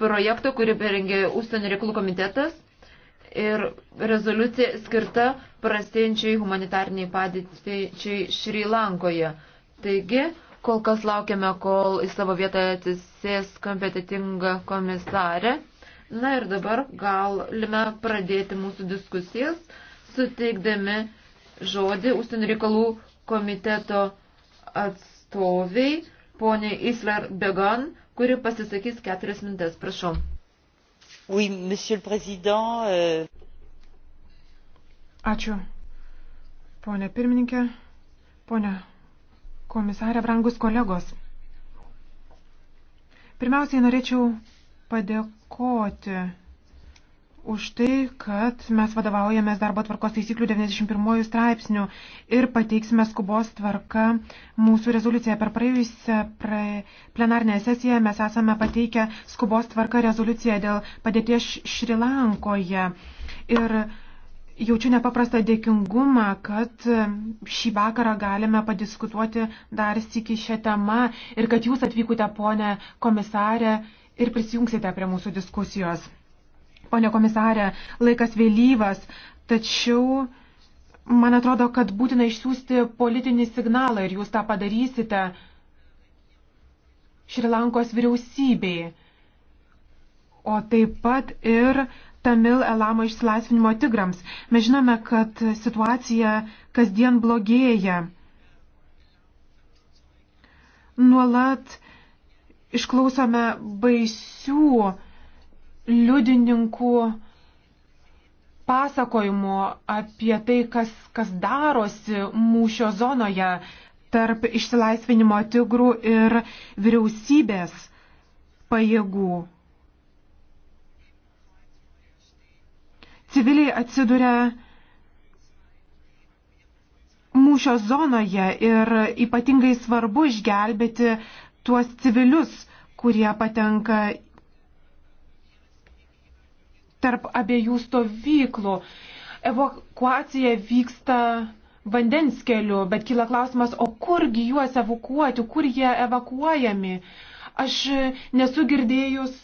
projekto, kurį perengė Užsienio reikalų komitetas ir rezoliucija skirta prastėjančiai humanitarniai padėčiai Šri Lankoje. Taigi, kol kas laukiame, kol į savo vietą atsisės kompetitinga komisarė. Na ir dabar galime pradėti mūsų diskusijas, suteikdami žodį Užsienio reikalų komiteto atstoviai, poniai Isler Began, kuri pasisakys keturias minutės. Prašau. Oui, monsieur le président. Euh... Ačiū. Pone pirmininkė, pone komisarė, brangus kolegos. Pirmiausiai norėčiau padėkoti už tai, kad mes vadovaujamės darbo tvarkos taisyklių 91 straipsnių ir pateiksime skubos tvarką mūsų rezoliuciją. Per praėjusią pra... plenarnę sesiją mes esame pateikę skubos tvarką rezoliuciją dėl padėties Šrilankoje. Ir jaučiu nepaprastą dėkingumą, kad šį vakarą galime padiskutuoti dar sėki šią temą ir kad jūs atvykote, ponė komisarė, ir prisijungsite prie mūsų diskusijos. Pone komisarė, laikas vėlyvas, tačiau man atrodo, kad būtina išsiųsti politinį signalą ir jūs tą padarysite Šrilankos vyriausybei, o taip pat ir Tamil Elamo išsilaisvinimo tigrams. Mes žinome, kad situacija kasdien blogėja. Nuolat išklausome baisių liudininkų pasakojimų apie tai, kas, kas darosi mūšio zonoje tarp išsilaisvinimo tigrų ir vyriausybės pajėgų. Civiliai atsiduria mūšio zonoje ir ypatingai svarbu išgelbėti tuos civilius, kurie patenka tarp abiejų stovyklų. Evakuacija vyksta vandens keliu, bet kyla klausimas, o kurgi juos evakuoti, kur jie evakuojami. Aš nesu girdėjus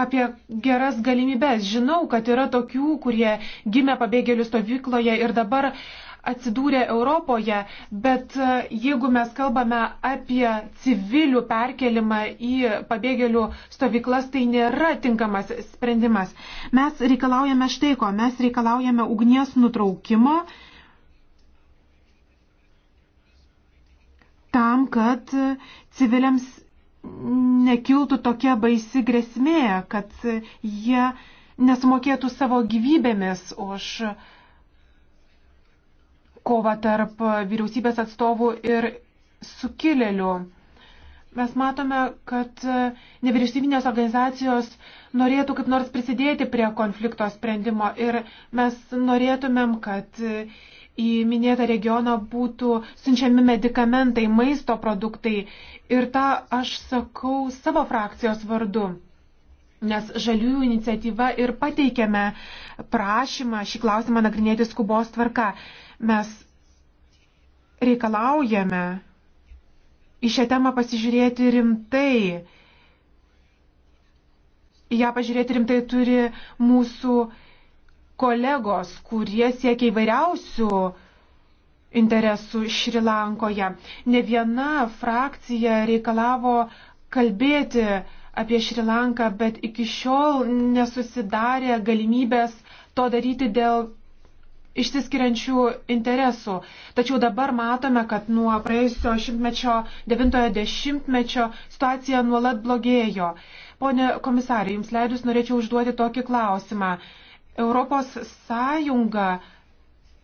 apie geras galimybės. Žinau, kad yra tokių, kurie gimė pabėgėlių stovykloje ir dabar atsidūrė Europoje, bet e, jeigu mes kalbame apie civilių perkelimą į pabėgėlių stovyklas, tai nėra tinkamas sprendimas. Mes reikalaujame štai ko, mes reikalaujame ugnies nutraukimo tam, kad civiliams nekiltų tokia baisi grėsmė, kad jie nesumokėtų savo gyvybėmis už uh, kova tarp vyriausybės atstovų ir sukilėlių. Mes matome, kad nevyriausybinės organizacijos norėtų kaip nors prisidėti prie konflikto sprendimo ir mes norėtumėm, kad į minėtą regioną būtų siunčiami medikamentai, maisto produktai ir tą aš sakau savo frakcijos vardu. Nes žaliųjų iniciatyva ir pateikėme prašymą šį klausimą nagrinėti skubos tvarka. Mes reikalaujame į šią temą pasižiūrėti rimtai. Į ją pažiūrėti rimtai turi mūsų kolegos, kurie siekia įvairiausių interesų Šrilankoje. Ne viena frakcija reikalavo kalbėti apie Šrilanką, bet iki šiol nesusidarė galimybės to daryti dėl išsiskiriančių interesų. Tačiau dabar matome, kad nuo praėjusio šimtmečio, devintojo dešimtmečio situacija nuolat blogėjo. Pone komisarė, jums leidus norėčiau užduoti tokį klausimą. Europos Sąjunga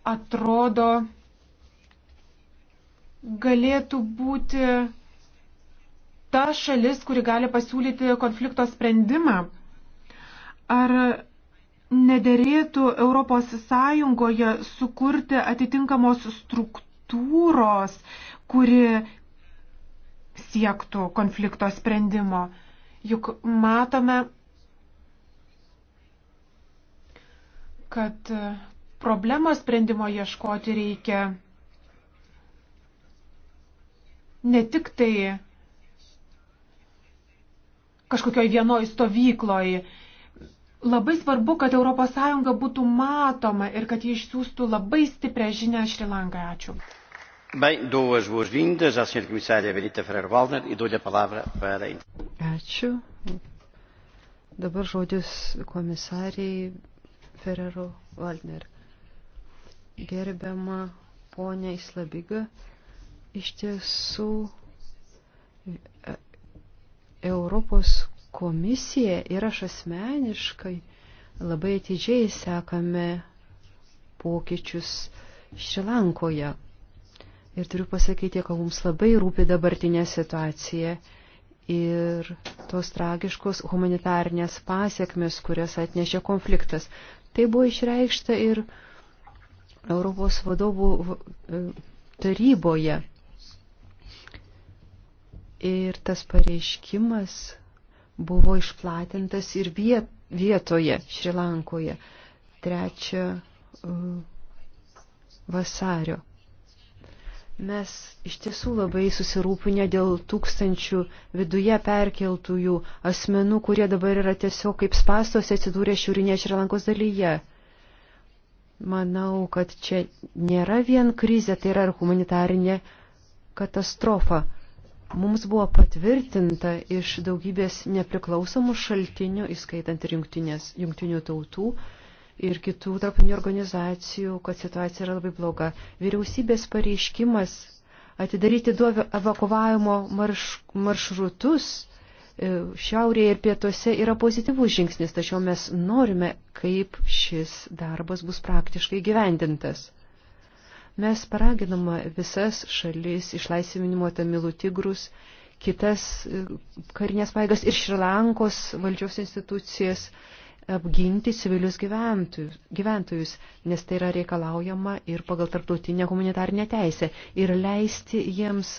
atrodo galėtų būti ta šalis, kuri gali pasiūlyti konflikto sprendimą. Ar nederėtų Europos Sąjungoje sukurti atitinkamos struktūros, kuri siektų konflikto sprendimo. Juk matome, kad problemos sprendimo ieškoti reikia ne tik tai kažkokioj vienoj stovykloj, Labai svarbu, kad ES būtų matoma ir kad jie išsiųstų labai stiprią žinią Šrilankai. Ačiū. Bem, duas boas-vindas à Sra. Comissária Benita Ferrer Waldner e dou-lhe a palavra para. Ačiū. Dabar žodis komisariai Ferrero Waldner. Gerbiama ponia Islabiga, iš tiesų e, Europos komisija ir aš asmeniškai labai atidžiai sekame pokyčius Šrilankoje. Ir turiu pasakyti, kad mums labai rūpi dabartinė situacija ir tos tragiškos humanitarnės pasiekmes, kurias atnešė konfliktas. Tai buvo išreikšta ir Europos vadovų e, taryboje. Ir tas pareiškimas buvo išplatintas ir vietoje, Šrilankoje, 3 vasario. Mes iš tiesų labai susirūpinę dėl tūkstančių viduje perkeltųjų asmenų, kurie dabar yra tiesiog kaip spastose atsidūrę šiaurinėje Šrilankos dalyje. Manau, kad čia nėra vien krizė, tai yra ir humanitarinė katastrofa mums buvo patvirtinta iš daugybės nepriklausomų šaltinių, įskaitant ir jungtinių tautų ir kitų tarpinių organizacijų, kad situacija yra labai bloga. Vyriausybės pareiškimas atidaryti du evakuavimo marš, maršrutus e, šiaurėje ir pietuose yra pozityvus žingsnis, tačiau mes norime, kaip šis darbas bus praktiškai gyvendintas. Mes paraginama visas šalis, išlaisvinimo tamilų tigrus, kitas e, karinės paėgas ir Šrilankos valdžios institucijas apginti civilius gyventojus, gyventojus, nes tai yra reikalaujama ir pagal tarptautinę humanitarinę teisę, ir leisti jiems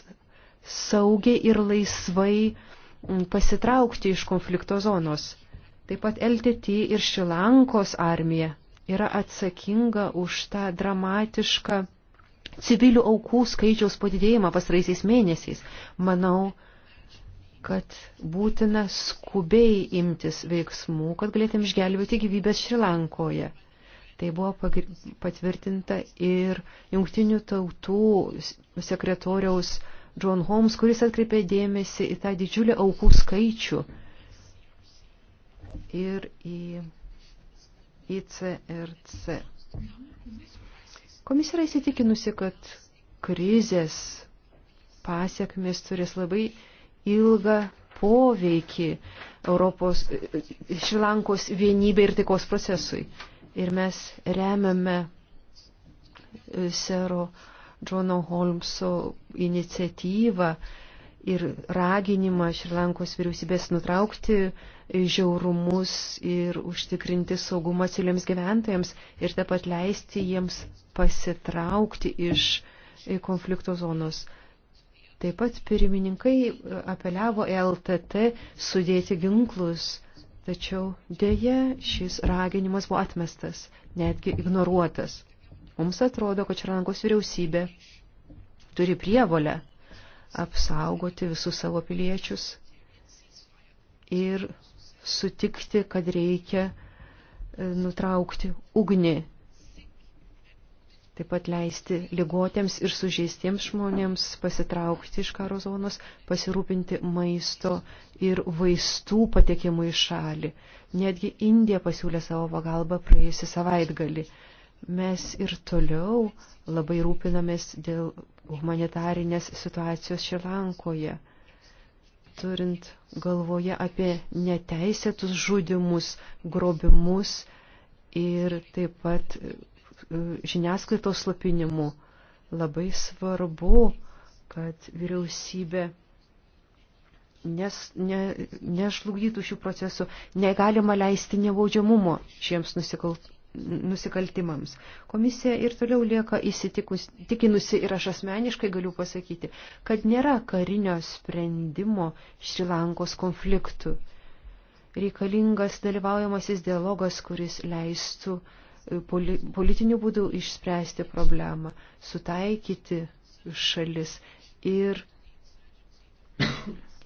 saugiai ir laisvai pasitraukti iš konflikto zonos. Taip pat LTT ir Šilankos armija yra atsakinga už tą dramatišką civilių aukų skaičiaus padidėjimą pastaraisiais mėnesiais. Manau, kad būtina skubiai imtis veiksmų, kad galėtum išgelbėti gyvybės Šrilankoje. Tai buvo patvirtinta ir jungtinių tautų sekretoriaus John Holmes, kuris atkreipė dėmesį į tą didžiulį aukų skaičių ir į ICRC. Komisija yra įsitikinusi, kad krizės pasiekmes turės labai ilgą poveikį Europos Šrilankos vienybė ir taikos procesui. Ir mes remiame e, sero Džono Holmso iniciatyvą ir raginimą Šrilankos vyriausybės nutraukti žiaurumus ir užtikrinti saugumą civiliams gyventojams ir taip pat leisti jiems pasitraukti iš konflikto zonos. Taip pat pirmininkai apeliavo LTT sudėti ginklus, tačiau dėje šis raginimas buvo atmestas, netgi ignoruotas. Mums atrodo, kad Šrilankos vyriausybė turi prievolę apsaugoti visus savo piliečius ir sutikti, kad reikia e, nutraukti ugnį, taip pat leisti ligotėms ir sužeistiems žmonėms pasitraukti iš karo zonos, pasirūpinti maisto ir vaistų patekimų į šalį. Netgi Indija pasiūlė savo pagalbą praėjusį savaitgalį mes ir toliau labai rūpinamės dėl humanitarinės situacijos Šilankoje, turint galvoje apie neteisėtus žudimus, grobimus ir taip pat e, žiniasklaidos slapinimu. Labai svarbu, kad vyriausybė nes, ne, nežlugdytų šių procesų. Negalima leisti nebaudžiamumo šiems nusikalt, nusikaltimams. Komisija ir toliau lieka įsitikinusi ir aš asmeniškai galiu pasakyti, kad nėra karinio sprendimo Šrilankos konfliktų. Reikalingas dalyvaujamasis dialogas, kuris leistų e, poli, politiniu būdu išspręsti problemą, sutaikyti šalis ir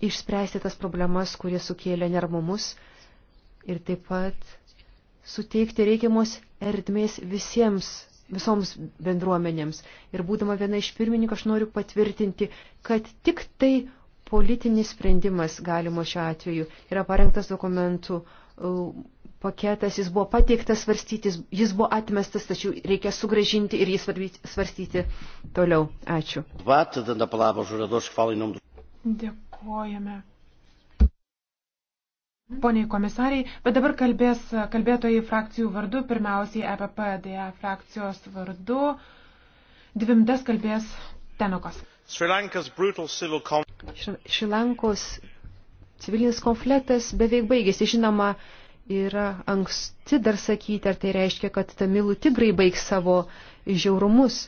išspręsti tas problemas, kurie sukėlė nermumus ir taip pat suteikti reikiamos erdmės visiems visoms bendruomenėms. Ir būdama viena iš pirmininkų, aš noriu patvirtinti, kad tik tai politinis sprendimas galimo šiuo atveju yra parengtas dokumentų e, paketas, jis buvo pateiktas svarstyti, jis buvo atmestas, tačiau reikia sugražinti ir jį svarstyti toliau. Ačiū. Dėkojame Poniai komisariai, bet dabar kalbės kalbėtojai frakcijų vardu, pirmiausiai EPPDA frakcijos vardu. Dvi minutės kalbės Tenokas. Šrilankos civilinis konfliktas beveik baigėsi, žinoma, yra anksti dar sakyti, ar tai reiškia, kad tamilų tigrai baigs savo žiaurumus.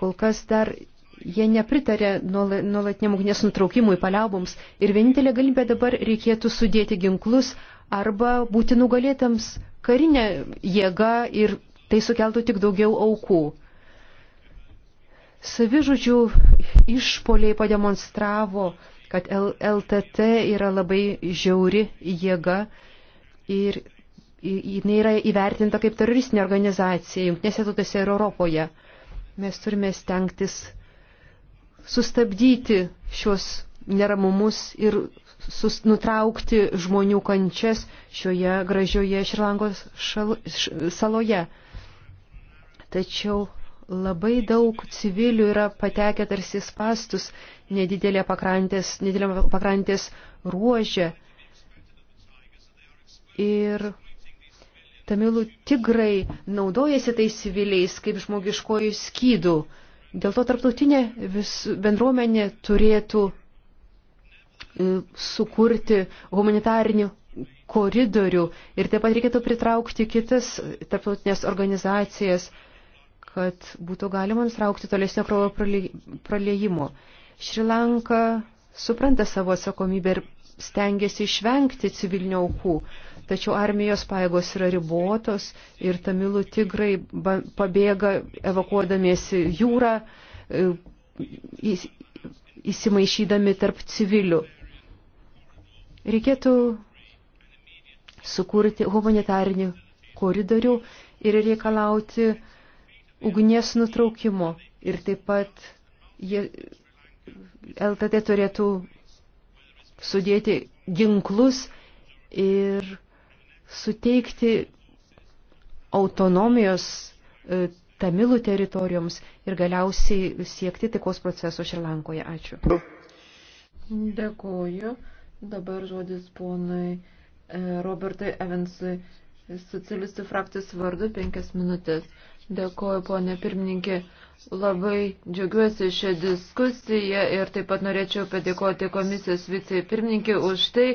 Kol kas dar Jie nepritarė nuolatiniam ugnies nutraukimui, paliauboms ir vienintelė galimybė dabar reikėtų sudėti ginklus arba būti nugalėtams karinę jėgą ir tai sukeltų tik daugiau aukų. Savižudžių išpoliai pademonstravo, kad LTT yra labai žiauri jėga ir jinai yra įvertinta kaip teroristinė organizacija jungtinėse tautose ir Europoje. Mes turime stengtis sustabdyti šios neramumus ir sus, nutraukti žmonių kančias šioje gražioje Šrilankos šal, š, saloje. Tačiau labai daug civilių yra patekę tarsi spastus nedidelė pakrantės, nedidelė pakrantės ruožė. Ir tamilų tigrai naudojasi tais civiliais kaip žmogiškojų skydų. Dėl to tarptautinė vis, bendruomenė turėtų e, sukurti humanitarinių koridorių ir taip pat reikėtų pritraukti kitas tarptautinės organizacijas, kad būtų galima nutraukti tolesnio kraujo praliejimo. Šrilanka supranta savo atsakomybę ir stengiasi išvengti civilinio aukų tačiau armijos paėgos yra ribotos ir tamilų tigrai pabėga evakuodamiesi jūrą, e, įsimaišydami tarp civilių. Reikėtų sukurti humanitarinį koridorių ir reikalauti ugnies nutraukimo. Ir taip pat jie, LTT turėtų sudėti ginklus ir suteikti autonomijos e, tamilų teritorijoms ir galiausiai siekti taikos proceso Šrilankoje. Ačiū. Dėkuoju. Dabar žodis ponui e, Robertui Evansui, socialistų frakcijos vardu, penkias minutės. Dėkuoju, ponė pirmininkė. Labai džiaugiuosi šią diskusiją ir taip pat norėčiau padėkoti komisijos vicepirmininkė už tai,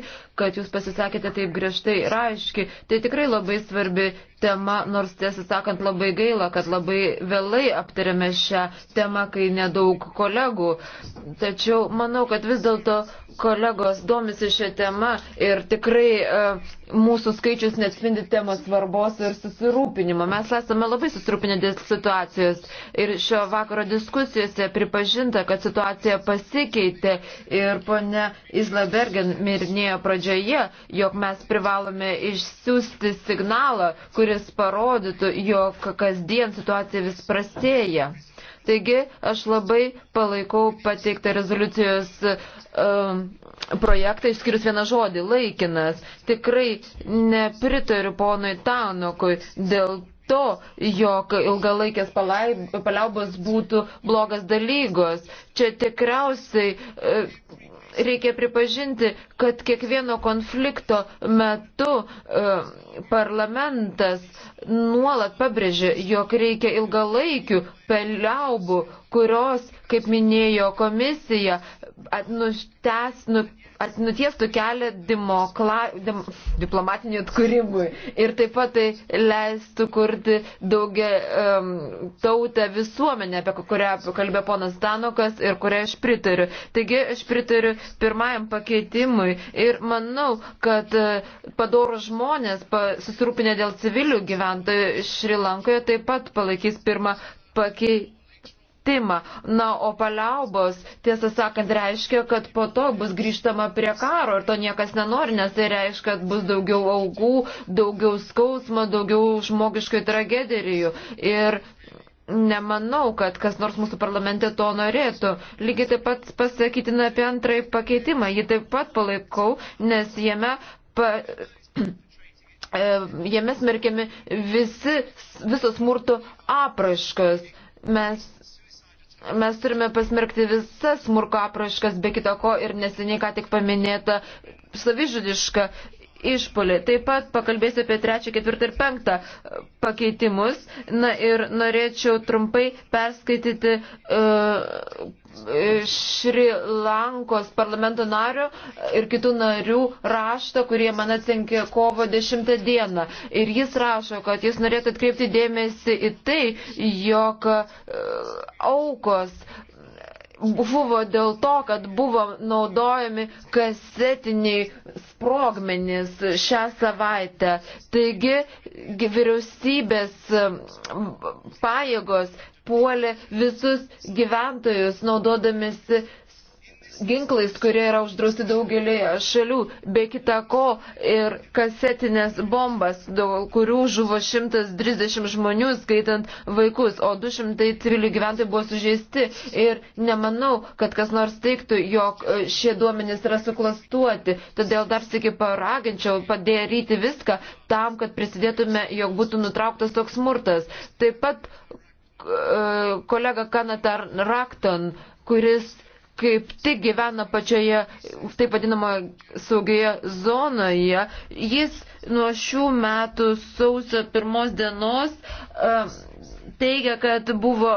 kad jūs pasisakėte taip griežtai ir aiškiai. Tai tikrai labai svarbi tema, nors tiesą sakant labai gaila, kad labai vėlai aptarėme šią temą, kai nedaug kolegų. Tačiau manau, kad vis dėlto kolegos domisi šią temą ir tikrai e, mūsų skaičius netspindi temos svarbos ir susirūpinimo. Mes esame labai susirūpinę dėl situacijos ir šio vakaro diskusijose pripažinta, kad situacija pasikeitė ir ponia Islabergen mirnėjo pradžioje, jog mes privalome išsiųsti signalą, kurį kuris parodytų, jog kasdien situacija vis prastėja. Taigi aš labai palaikau pateiktą rezoliucijos um, projektą, išskirius vieną žodį - laikinas. Tikrai nepritariu ponui Tanokui dėl to, jog ilgalaikės paliaubos būtų blogas dalygos. Čia tikriausiai. Uh, reikia pripažinti, kad kiekvieno konflikto metu e, parlamentas nuolat pabrėžė, jog reikia ilgalaikių peliaubų, kurios, kaip minėjo komisija, atnutęs, nu, atnutiestų kelią dimokla, dim, diplomatinių atkūrimui ir taip pat tai leistų kurti daugia um, tautę visuomenę, apie kurią kalbė ponas Danukas ir kurią aš pritariu. Taigi aš pritariu pirmajam pakeitimui ir manau, kad uh, padorų žmonės pa, susirūpinę dėl civilių gyventojų Šrilankoje taip pat palaikys pirmą pakeitimą supratimą. Na, o paliaubos, tiesą sakant, reiškia, kad po to bus grįžtama prie karo ir to niekas nenori, nes tai reiškia, kad bus daugiau augų, daugiau skausmo, daugiau žmogiškų tragedijų. Ir nemanau, kad kas nors mūsų parlamente to norėtų. Lygiai taip pat pasakytina apie antrąjį pakeitimą. Jį taip pat palaikau, nes jame. Pa... E, jame smerkiami visi, visos smurto apraškas. Mes Mes turime pasmerkti visas smurko apraškas, be kita ko ir neseniai ką tik paminėta savižudiška išpolį. Taip pat pakalbėsiu apie trečią, ketvirtą ir penktą pakeitimus. Na ir norėčiau trumpai perskaityti uh, Šri Lankos parlamento nario ir kitų narių raštą, kurie man atsinkė kovo 10 dieną. Ir jis rašo, kad jis norėtų atkreipti dėmesį į tai, jog e, aukos buvo dėl to, kad buvo naudojami kasetiniai sprogmenys šią savaitę. Taigi vyriausybės pajėgos puolė visus gyventojus naudodamėsi ginklais, kurie yra uždrausti daugelį šalių, be kita ko ir kasetinės bombas, dėl kurių žuvo 130 žmonių, skaitant vaikus, o 213 gyventojai buvo sužeisti. Ir nemanau, kad kas nors teiktų, jog e, šie duomenys yra suklastuoti. Todėl dar sėki paraginčiau padėryti viską tam, kad prisidėtume, jog būtų nutrauktas toks smurtas. Taip pat e, kolega Kanatar Rakton, kuris kaip tik gyvena pačioje, taip vadinamo, saugioje zonoje. Jis nuo šių metų sausio pirmos dienos um, teigia, kad buvo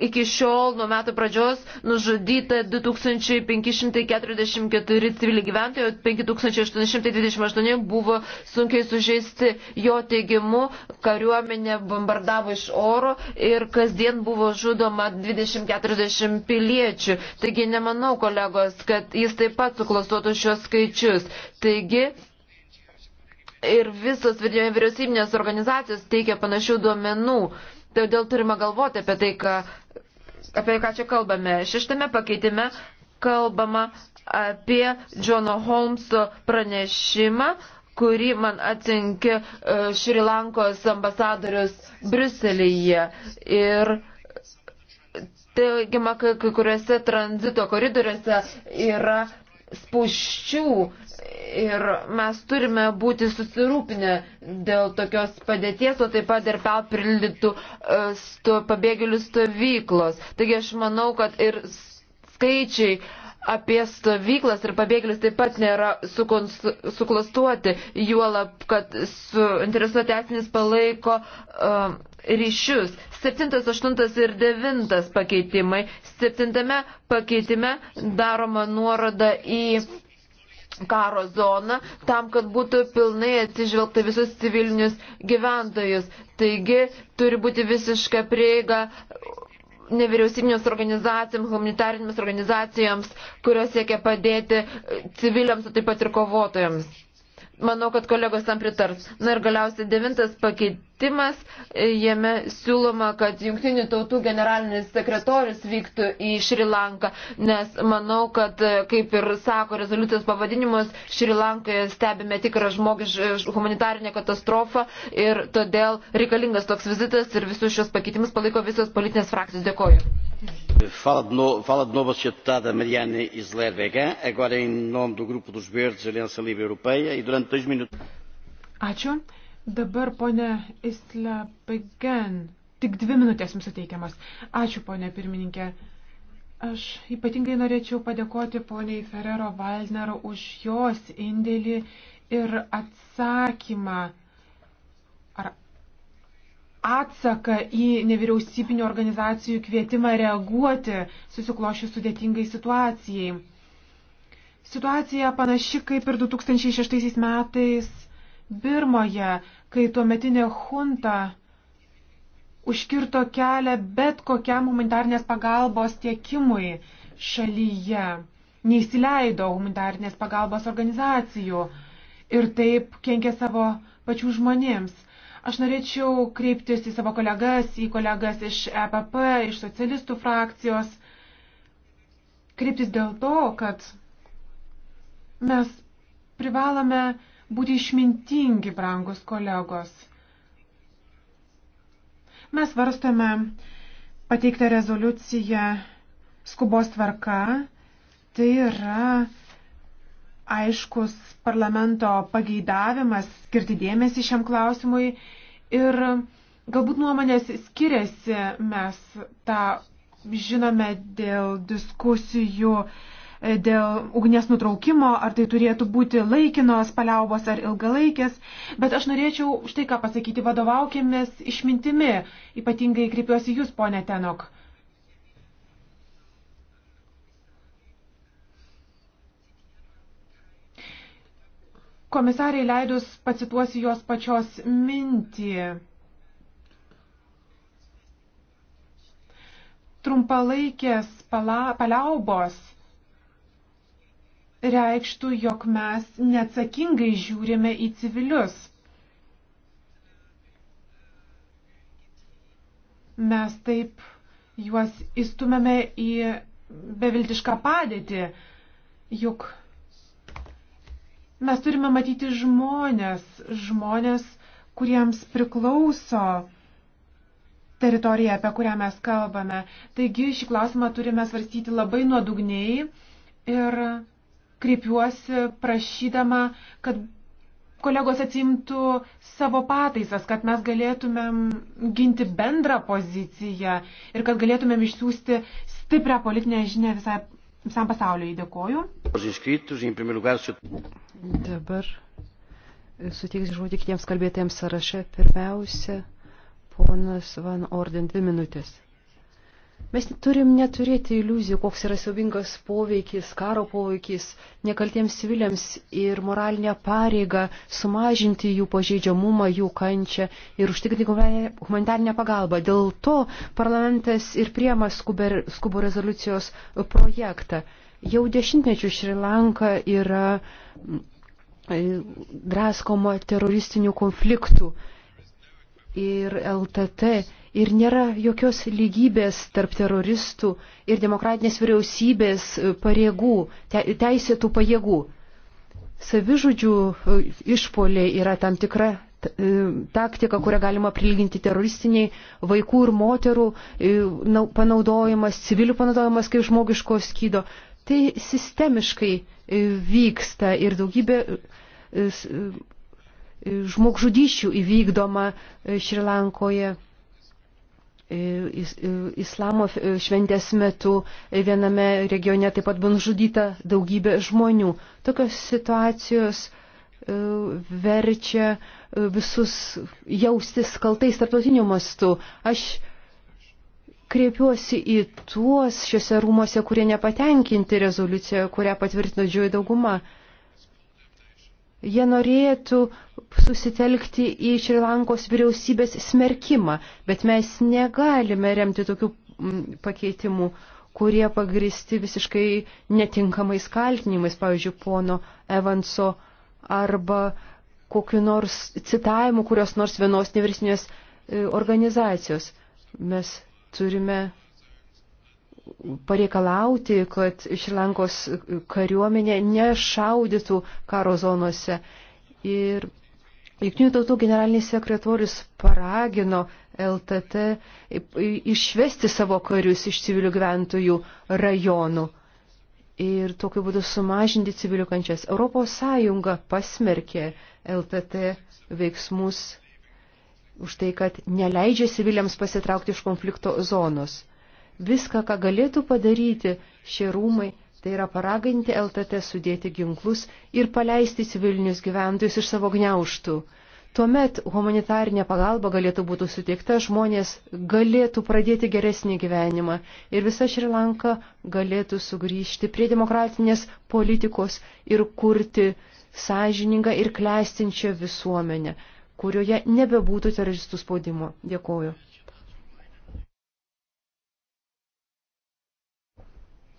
iki šiol nuo metų pradžios nužudyta 2544 civiliai gyventojai, 5828 buvo sunkiai sužeisti. Jo teigimu, kariuomenė bombardavo iš oro ir kasdien buvo žudoma 20-40 piliečių. Taigi nemanau, kolegos, kad jis taip pat suklastotų šios skaičius. Taigi, ir visos vyriausybinės organizacijos teikia panašių duomenų. Todėl turime galvoti apie tai, ką apie ką čia kalbame. Šeštame pakeitime kalbama apie Džono Holmso pranešimą, kurį man atsinkė e, Šrilankos ambasadorius Briuselėje. Ir teigiama, kai kuriuose tranzito koridoriuose yra spuščių ir mes turime būti susirūpinę dėl tokios padėties, o taip pat ir papildytų e, pabėgėlių stovyklos. Taigi aš manau, kad ir skaičiai apie stovyklas ir pabėgėlius taip pat nėra suklastuoti, juolab, kad suinteresuoti asmenys palaiko um, ryšius. 7, 8 ir 9 pakeitimai. 7 pakeitime daroma nuoroda į karo zoną, tam, kad būtų pilnai atsižvelgta visus civilinius gyventojus. Taigi turi būti visiška prieiga nevyriausybinėms organizacijoms, humanitarinėms organizacijoms, kurios siekia padėti civiliams, taip pat ir kovotojams. Manau, kad kolegos tam pritars. Na ir galiausiai devintas pakeitimas, jame siūloma, kad jungtinių tautų generalinis sekretorius vyktų į Šrilanką, nes manau, kad, kaip ir sako rezoliucijos pavadinimas, Šrilankoje stebime tikrą žmogiš, humanitarinę katastrofą ir todėl reikalingas toks vizitas ir visus šios pakeitimus palaiko visos politinės frakcijos. Dėkoju. Eh, fala de, novo, fala de novo a senhora deputada Mariane Isler Vegan, agora em nome do Grupo dos Verdes, Aliança Livre Europeia, e durante dois minutos. Ačiū. Dabar ponia Isler Vegan, tik dvi minutės jums suteikiamas. Ačiū, ponia pirmininkė. Aš ypatingai norėčiau padėkoti poniai Ferrero Valnero už jos indėlį ir atsakymą ar atsaką į nevyriausybinio organizacijų kvietimą reaguoti susiklošius sudėtingai situacijai. Situacija panaši kaip ir 2006 metais Birmoje, kai tuometinė junta užkirto kelią bet kokiam humanitarnės pagalbos tiekimui šalyje, neįsileido humanitarnės pagalbos organizacijų ir taip kenkė savo pačių žmonėms. Aš norėčiau kreiptis į savo kolegas, į kolegas iš EPP, iš socialistų frakcijos, kreiptis dėl to, kad mes privalome būti išmintingi, brangus kolegos. Mes varstome pateiktą rezoliuciją skubos tvarka, tai yra aiškus parlamento pageidavimas skirti dėmesį šiam klausimui ir galbūt nuomonės skiriasi, mes tą žinome dėl diskusijų, dėl ugnies nutraukimo, ar tai turėtų būti laikinos paliaubos ar ilgalaikės, bet aš norėčiau štai ką pasakyti, vadovaukėmės išmintimi, ypatingai kreipiuosi jūs, ponė Tenok. Komisariai leidus pacituosiu jos pačios mintį. Trumpalaikės pala, paliaubos reikštų, jog mes neatsakingai žiūrime į civilius. Mes taip juos įstumėme į beviltišką padėtį, juk Mes turime matyti žmonės, žmonės, kuriems priklauso teritorija, apie kurią mes kalbame. Taigi šį klausimą turime svarstyti labai nuodugniai ir kreipiuosi prašydama, kad kolegos atsimtų savo pataisas, kad mes galėtumėm ginti bendrą poziciją ir kad galėtumėm išsiųsti stiprią politinę žinę visai visam pasauliui dėkoju. Dabar suteiks žodį kitiems kalbėtėjams sąraše. Pirmiausia, ponas Van Orden, dvi minutės. Mes turim neturėti iliuzijų, koks yra siaubingas poveikis, karo poveikis nekaltiems civiliams ir moralinę pareigą sumažinti jų pažeidžiamumą, jų kančią ir užtikrinti humanitarinę pagalbą. Dėl to parlamentas ir priema skuber, skubo rezoliucijos projektą. Jau dešimtmečių Šrilanka yra e, draskoma teroristinių konfliktų ir LTT ir nėra jokios lygybės tarp teroristų ir demokratinės vyriausybės e, pareigų, teisėtų pajėgų. Savižudžių e, išpoliai yra tam tikra e, taktika, kurią galima prilginti teroristiniai vaikų ir moterų panaudojimas, civilių panaudojimas kaip žmogiško skydo. Tai sistemiškai vyksta ir daugybė žmogžudyšių įvykdoma Šrilankoje islamo e, šventės metu e, viename regione taip pat buvo nužudyta daugybė žmonių. Tokios situacijos e, verčia visus jaustis kaltais tarptautiniu mastu. Aš kreipiuosi į tuos šiuose rūmose, kurie nepatenkinti rezoliuciją, kurią patvirtino didžioji dauguma. Jie norėtų susitelkti į Šrilankos vyriausybės smerkimą, bet mes negalime remti tokių mm, pakeitimų, kurie pagristi visiškai netinkamais kaltinimais, pavyzdžiui, pono Evanso arba kokiu nors citavimu kurios nors vienos neversinės e, organizacijos. Mes turime pareikalauti, kad Šrilankos kariuomenė nešaudytų karo zonose. Ir Junktinių tautų generalinis sekretorius paragino LTT išvesti savo karius iš civilių gyventojų rajonų ir tokiu būdu sumažinti civilių kančias. Europos Sąjunga pasmerkė LTT veiksmus už tai, kad neleidžia civiliams pasitraukti iš konflikto zonos viską, ką galėtų padaryti šie rūmai, tai yra paraginti LTT sudėti ginklus ir paleisti civilinius gyventojus iš savo gniauštų. Tuomet humanitarinė pagalba galėtų būti suteikta, žmonės galėtų pradėti geresnį gyvenimą ir visa Šrilanka galėtų sugrįžti prie demokratinės politikos ir kurti sąžiningą ir klestinčią visuomenę, kurioje nebebūtų teroristų spaudimo. Dėkuoju.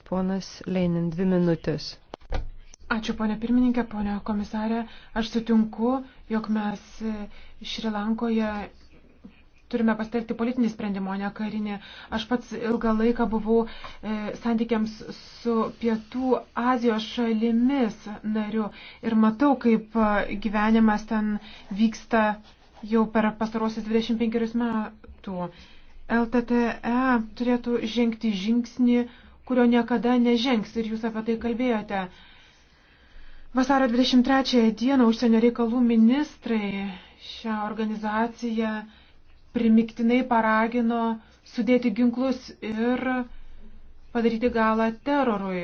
Ponas Leinin, dvi minutės. Ačiū, ponė pirmininkė, ponė komisarė. Aš sutinku, jog mes Šrilankoje turime pasitelkti politinį sprendimą, o ne karinį. Aš pats ilgą laiką buvau e, santykiams su Pietų Azijos šalimis nariu ir matau, kaip e, gyvenimas ten vyksta jau per pastarosius 25 metų. LTTE turėtų žengti žingsnį kurio niekada nežengs ir jūs apie tai kalbėjote. Vasario 23 dieną užsienio reikalų ministrai šią organizaciją primiktinai paragino sudėti ginklus ir padaryti galą terorui.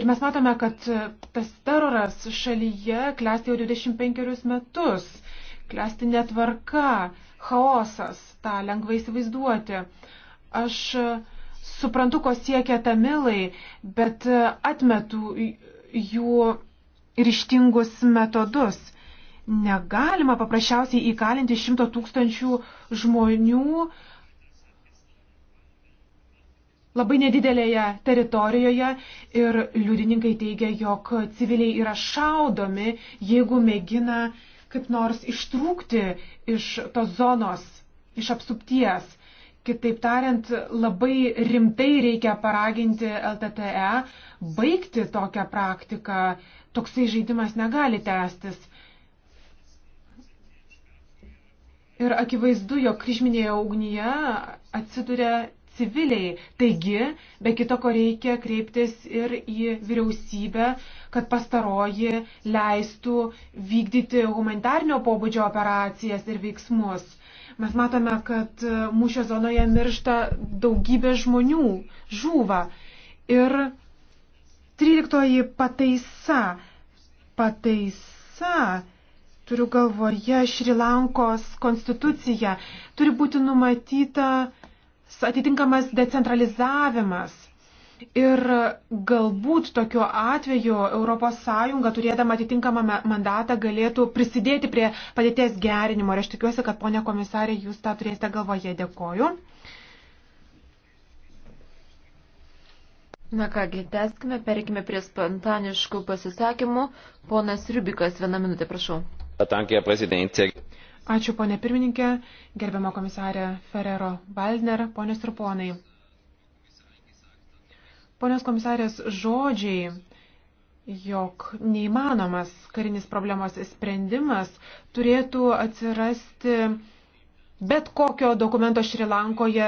Ir mes matome, kad tas teroras šalyje klesti jau 25 metus, klesti netvarka, chaosas, tą lengvai įsivaizduoti. Aš uh, suprantu, ko siekia tamilai, bet e, atmetu jų ryštingus metodus. Negalima paprasčiausiai įkalinti šimto tūkstančių žmonių labai nedidelėje teritorijoje ir liudininkai teigia, jog civiliai yra šaudomi, jeigu mėgina kaip nors ištrūkti iš tos zonos, iš apsupties. Kitaip tariant, labai rimtai reikia paraginti LTTE baigti tokią praktiką. Toksai žaidimas negali tęstis. Ir akivaizdu, jog kryžminėje ugnyje atsiduria civiliai. Taigi, be kito ko reikia kreiptis ir į vyriausybę, kad pastaroji leistų vykdyti humanitarnio pobūdžio operacijas ir veiksmus. Mes matome, kad e, mūšio zonoje miršta daugybė žmonių, žūva. Ir 13 pataisa. Pataisa, turiu galvoje, Šrilankos konstitucija, turi būti numatyta atitinkamas decentralizavimas. Ir galbūt tokiu atveju ES, turėdama atitinkamą mandatą, galėtų prisidėti prie padėties gerinimo. Ir aš tikiuosi, kad, ponė komisarė, jūs tą turėsite galvoje. Dėkoju. Na kągi, teskime, perikime prie spontaniškų pasisakymų. Ponas Rubikas, vieną minutę, prašau. Ačiū, ponė pirmininkė, gerbiamo komisarė Ferrero Valdner, ponės ir ponai. Ponios komisarės žodžiai, jog neįmanomas karinis problemos sprendimas turėtų atsirasti bet kokio dokumento Šrilankoje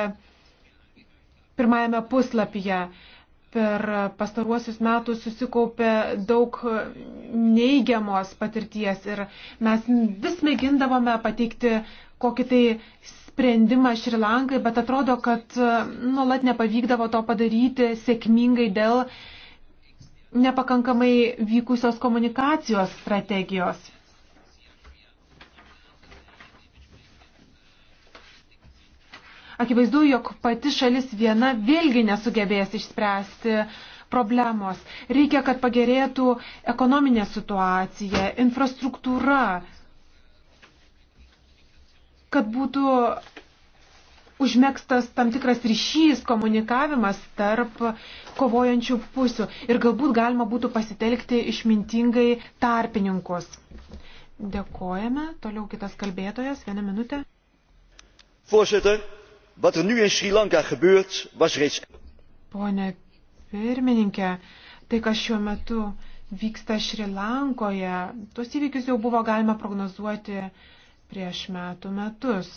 pirmajame puslapyje. Per pastaruosius metus susikaupė daug neigiamos patirties ir mes vis mėgindavome pateikti kokį tai sprendimą Šri Lankai, bet atrodo, kad e, nuolat nepavykdavo to padaryti sėkmingai dėl nepakankamai vykusios komunikacijos strategijos. Akivaizdu, jog pati šalis viena vėlgi nesugebės išspręsti problemos. Reikia, kad pagerėtų ekonominė situacija, infrastruktūra, kad būtų užmėgstas tam tikras ryšys, komunikavimas tarp kovojančių pusių ir galbūt galima būtų pasitelkti išmintingai tarpininkus. Dėkojame. Toliau kitas kalbėtojas, vieną minutę. Voorzitter, wat er nu in Sri Lanka gebeurt, was reeds. Pone pirmininkė, tai kas šiuo metu vyksta Šri Lankoje, tuos įvykius jau buvo galima prognozuoti uh, prieš metų metus.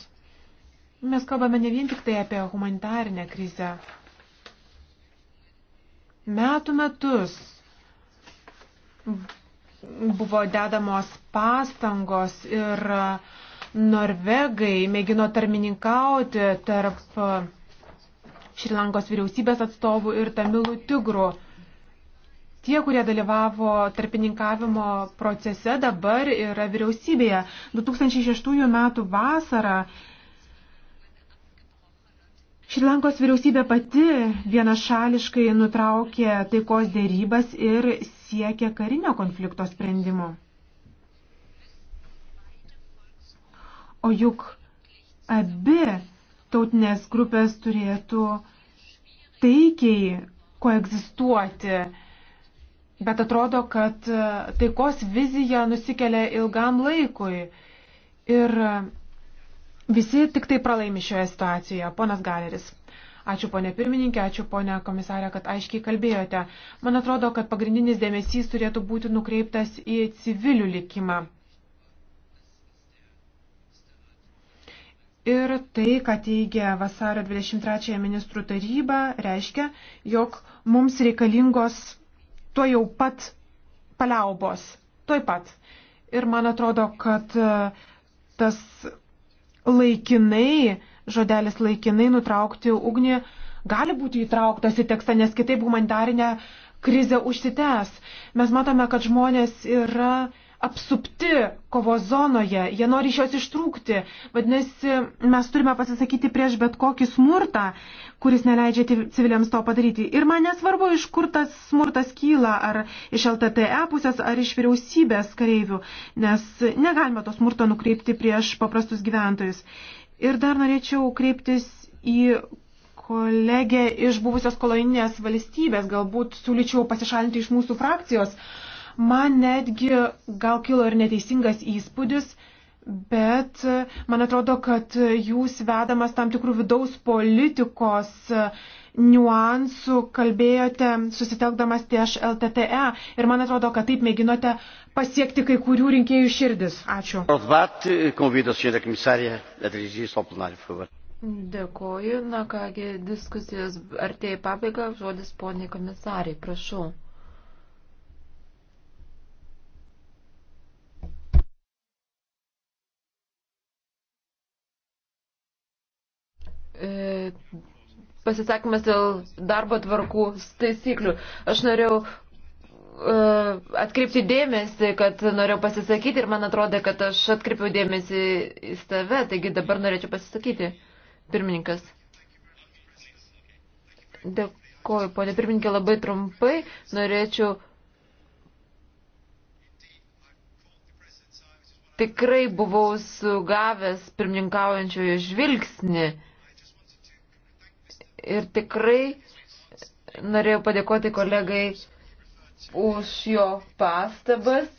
Mes kalbame ne vien tik tai apie humanitarinę krizę. Metų metus buvo dedamos pastangos ir norvegai mėgino tarmininkauti tarp Šrilankos vyriausybės atstovų ir tamilų tigrų tie, kurie dalyvavo tarpininkavimo procese, dabar yra vyriausybėje. 2006 metų vasarą Šrilankos vyriausybė pati vienašališkai nutraukė taikos dėrybas ir siekė karinio konflikto sprendimo. O juk abi tautinės grupės turėtų taikiai koegzistuoti Bet atrodo, kad e, taikos vizija nusikelia ilgam laikui. Ir e, visi tik tai pralaimi šioje situacijoje. Ponas Galeris. Ačiū ponė pirmininkė, ačiū ponė komisarė, kad aiškiai kalbėjote. Man atrodo, kad pagrindinis dėmesys turėtų būti nukreiptas į civilių likimą. Ir tai, ką teigia vasario 23 ministrų taryba, reiškia, jog mums reikalingos tuo jau pat paliaubos, tuo pat. Ir man atrodo, kad e, tas laikinai, žodelis laikinai nutraukti ugnį gali būti įtrauktas į tekstą, nes kitaip humanitarinė krizė užsitęs. Mes matome, kad žmonės yra apsupti kovos zonoje, jie nori iš jos ištrūkti. Vadinasi, mes turime pasisakyti prieš bet kokį smurtą, kuris neleidžia civiliams to padaryti. Ir man nesvarbu, iš kur tas smurtas kyla, ar iš LTTE pusės, ar iš vyriausybės kareivių, nes negalima to smurto nukreipti prieš paprastus gyventojus. Ir dar norėčiau kreiptis į kolegę iš buvusios kolonijinės valstybės, galbūt siūlyčiau pasišalinti iš mūsų frakcijos Man netgi gal kilo ir neteisingas įspūdis, bet man atrodo, kad jūs vedamas tam tikrų vidaus politikos niuansų kalbėjote susitelkdamas ties LTTE ir man atrodo, kad taip mėginote pasiekti kai kurių rinkėjų širdis. Ačiū. Dėkoju. Na kągi, diskusijos artėja pabaiga. Žodis poniai komisariai. Prašau. pasisakymas dėl darbo tvarkų taisyklių. Aš norėjau e, atkreipti dėmesį, kad norėjau pasisakyti ir man atrodo, kad aš atkreipiau dėmesį į save, taigi dabar norėčiau pasisakyti. Pirmininkas. Dėkoju, ponė pirmininkė, labai trumpai norėčiau. Tikrai buvau sugavęs pirmininkaujančiojo žvilgsnį. Ir tikrai norėjau padėkoti kolegai už jo pastabas.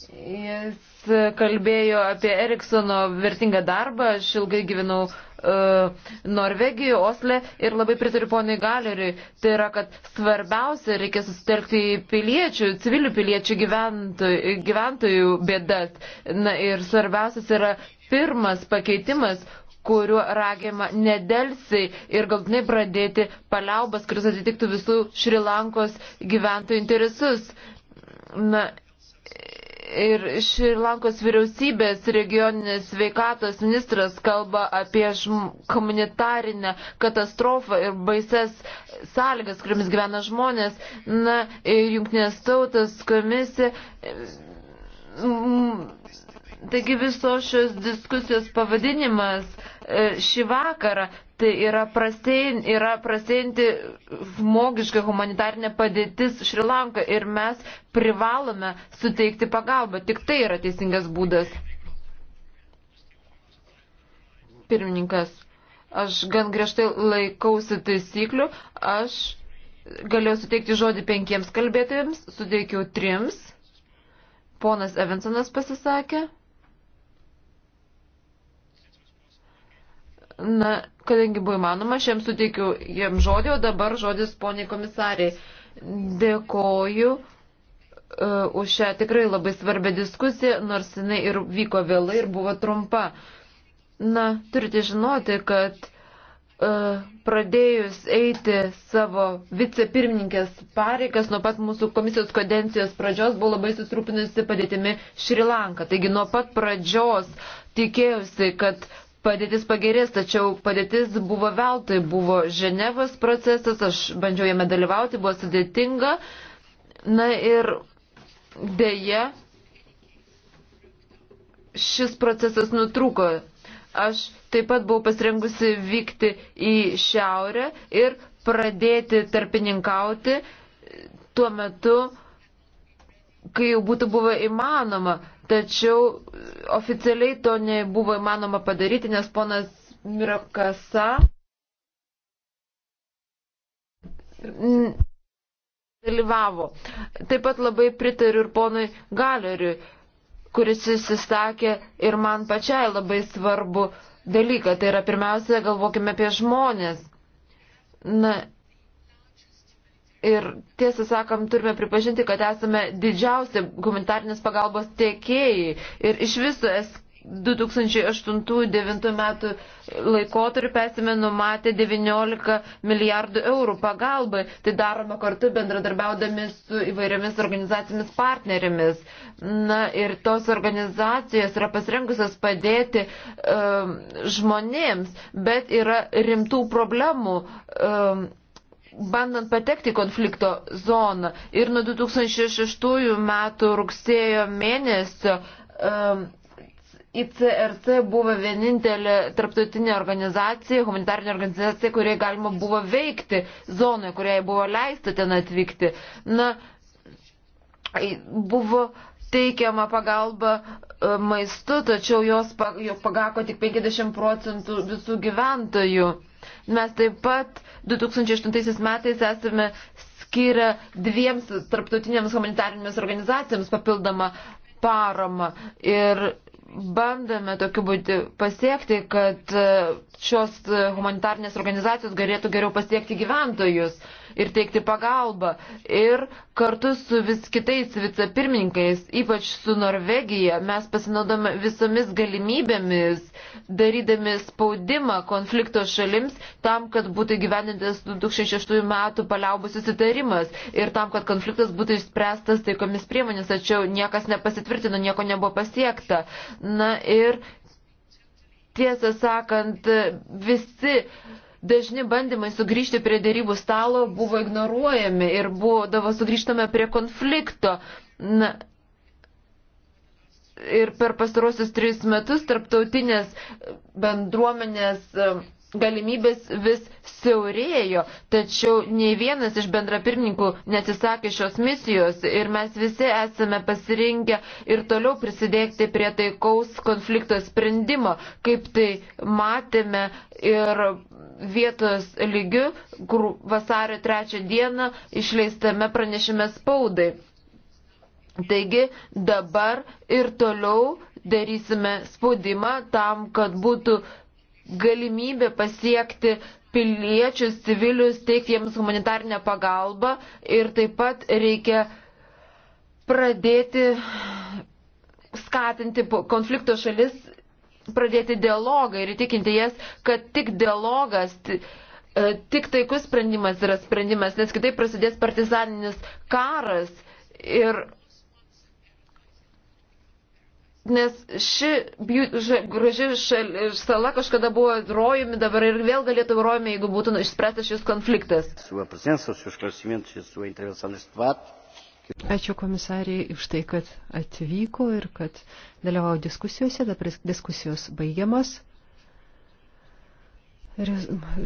Jis kalbėjo apie Eriksono vertingą darbą. Aš ilgai gyvenau E, Norvegijoje, Osle ir labai pritariu ponui Galeriui. Tai yra, kad svarbiausia reikia susitelkti į piliečių, civilių piliečių gyventojų, gyventojų bėdas. Na ir svarbiausias yra pirmas pakeitimas, kuriuo ragima nedelsiai ir galtinai pradėti paliaubas, kuris atitiktų visų Šrilankos gyventojų interesus. Na, ir Šrilankos vyriausybės regioninės sveikatos ministras kalba apie komunitarinę katastrofą ir baises sąlygas, kuriamis gyvena žmonės. Na, jungtinės tautas komisija Taigi visos šios diskusijos pavadinimas e, šį vakarą tai yra, prastėj, yra prastėjanti žmogiška humanitarinė padėtis Šrilanka ir mes privalome suteikti pagalbą. Tik tai yra teisingas būdas. Pirmininkas, aš gan griežtai laikausi taisyklių. Aš galėjau suteikti žodį penkiems kalbėtojams, suteikiau trims. Ponas Evansonas pasisakė. Na, kadangi buvo įmanoma, šiam suteikiu jiem žodį, o dabar žodis poniai komisariai. Dėkoju uh, už šią tikrai labai svarbę diskusiją, nors jinai ir vyko vėlai ir buvo trumpa. Na, turite žinoti, kad uh, pradėjus eiti savo vicepirmininkės pareigas nuo pat mūsų komisijos kadencijos pradžios buvo labai susirūpinusi padėtimi Šri Lanka. Taigi nuo pat pradžios tikėjusi, kad padėtis pagerės, tačiau padėtis buvo veltui, buvo Ženevos procesas, aš bandžiau jame dalyvauti, buvo sudėtinga. Na ir dėja, šis procesas nutrūko. Aš taip pat buvau pasirengusi vykti į šiaurę ir pradėti tarpininkauti tuo metu, kai jau būtų buvę įmanoma. Tačiau oficialiai to nebuvo įmanoma padaryti, nes ponas Mirakasa dalyvavo. Taip pat labai pritariu ir ponui Galeriui, kuris įsistakė ir man pačiai labai svarbu dalyką. Tai yra pirmiausia, galvokime apie žmonės. Na, Ir tiesą sakant, turime pripažinti, kad esame didžiausi humanitarnės pagalbos tiekėjai. Ir iš viso 2008-2009 metų laikotarpį esame numatę 19 milijardų eurų pagalbai. Tai daroma kartu bendradarbiaudami su įvairiomis organizacijomis partnerėmis. Na ir tos organizacijos yra pasirengusios padėti um, žmonėms, bet yra rimtų problemų. Um, bandant patekti konflikto zoną. Ir nuo 2006 metų rugsėjo mėnesio um, ICRC buvo vienintelė tarptautinė organizacija, humanitarinė organizacija, kuriai galima buvo veikti zonoje, kuriai buvo leista ten atvykti. Na, buvo teikiama pagalba e, maistu, tačiau jos pagako tik 50 procentų visų gyventojų. Mes taip pat 2008 metais esame skiria dviems tarptautinėms humanitarinėms organizacijoms papildomą paramą ir bandome tokiu būti pasiekti, kad e, šios humanitarnės organizacijos galėtų geriau pasiekti gyventojus ir teikti pagalbą. Ir kartu su vis kitais vicepirmininkais, ypač su Norvegija, mes pasinaudome visomis galimybėmis, darydami spaudimą konflikto šalims tam, kad būtų gyvenintas 2006 metų paliaubų susitarimas ir tam, kad konfliktas būtų išspręstas taikomis priemonės, tačiau niekas nepasitvirtino, nieko nebuvo pasiekta. Na ir tiesą sakant, visi dažni bandymai sugrįžti prie dėrybų stalo buvo ignoruojami ir būdavo sugrįžtame prie konflikto. Na, ir per pastarosius tris metus tarptautinės bendruomenės e, galimybės vis siaurėjo, tačiau nei vienas iš bendrapirmininkų nesisakė šios misijos ir mes visi esame pasirinkę ir toliau prisidėkti prie taikaus konflikto sprendimo, kaip tai matėme ir vietos lygių vasario 3 dieną išleistame pranešime spaudai. Taigi dabar ir toliau darysime spaudimą tam, kad būtų galimybė pasiekti piliečius, civilius, teikti jiems humanitarnę pagalbą ir taip pat reikia pradėti skatinti konflikto šalis pradėti dialogą ir įtikinti jas, kad tik dialogas, e, tik taikus sprendimas yra sprendimas, nes kitaip prasidės partizaninis karas. Ir Nes ši graži sala kažkada buvo rojumi, dabar ir vėl galėtų rojumi, jeigu būtų išspręstas šis konfliktas. Sua presença, seus esclarecimentos e sua intervenção neste debate. Ačiū komisariai už tai, kad atvyko ir kad dalyvau diskusijose, dabar diskusijos baigiamas.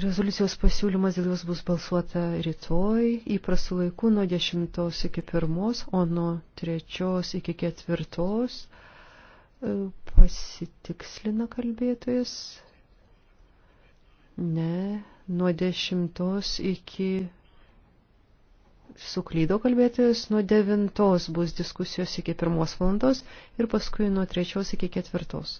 Rezoliucijos pasiūlymas dėl jos bus balsuota rytoj įprastų laikų nuo 10 iki 1, o nuo 3 iki 4 e, pasitikslina kalbėtojas. Ne, nuo 10 iki suklydo kalbėtojas, nuo devintos bus diskusijos iki pirmos valandos ir paskui nuo trečios iki ketvirtos.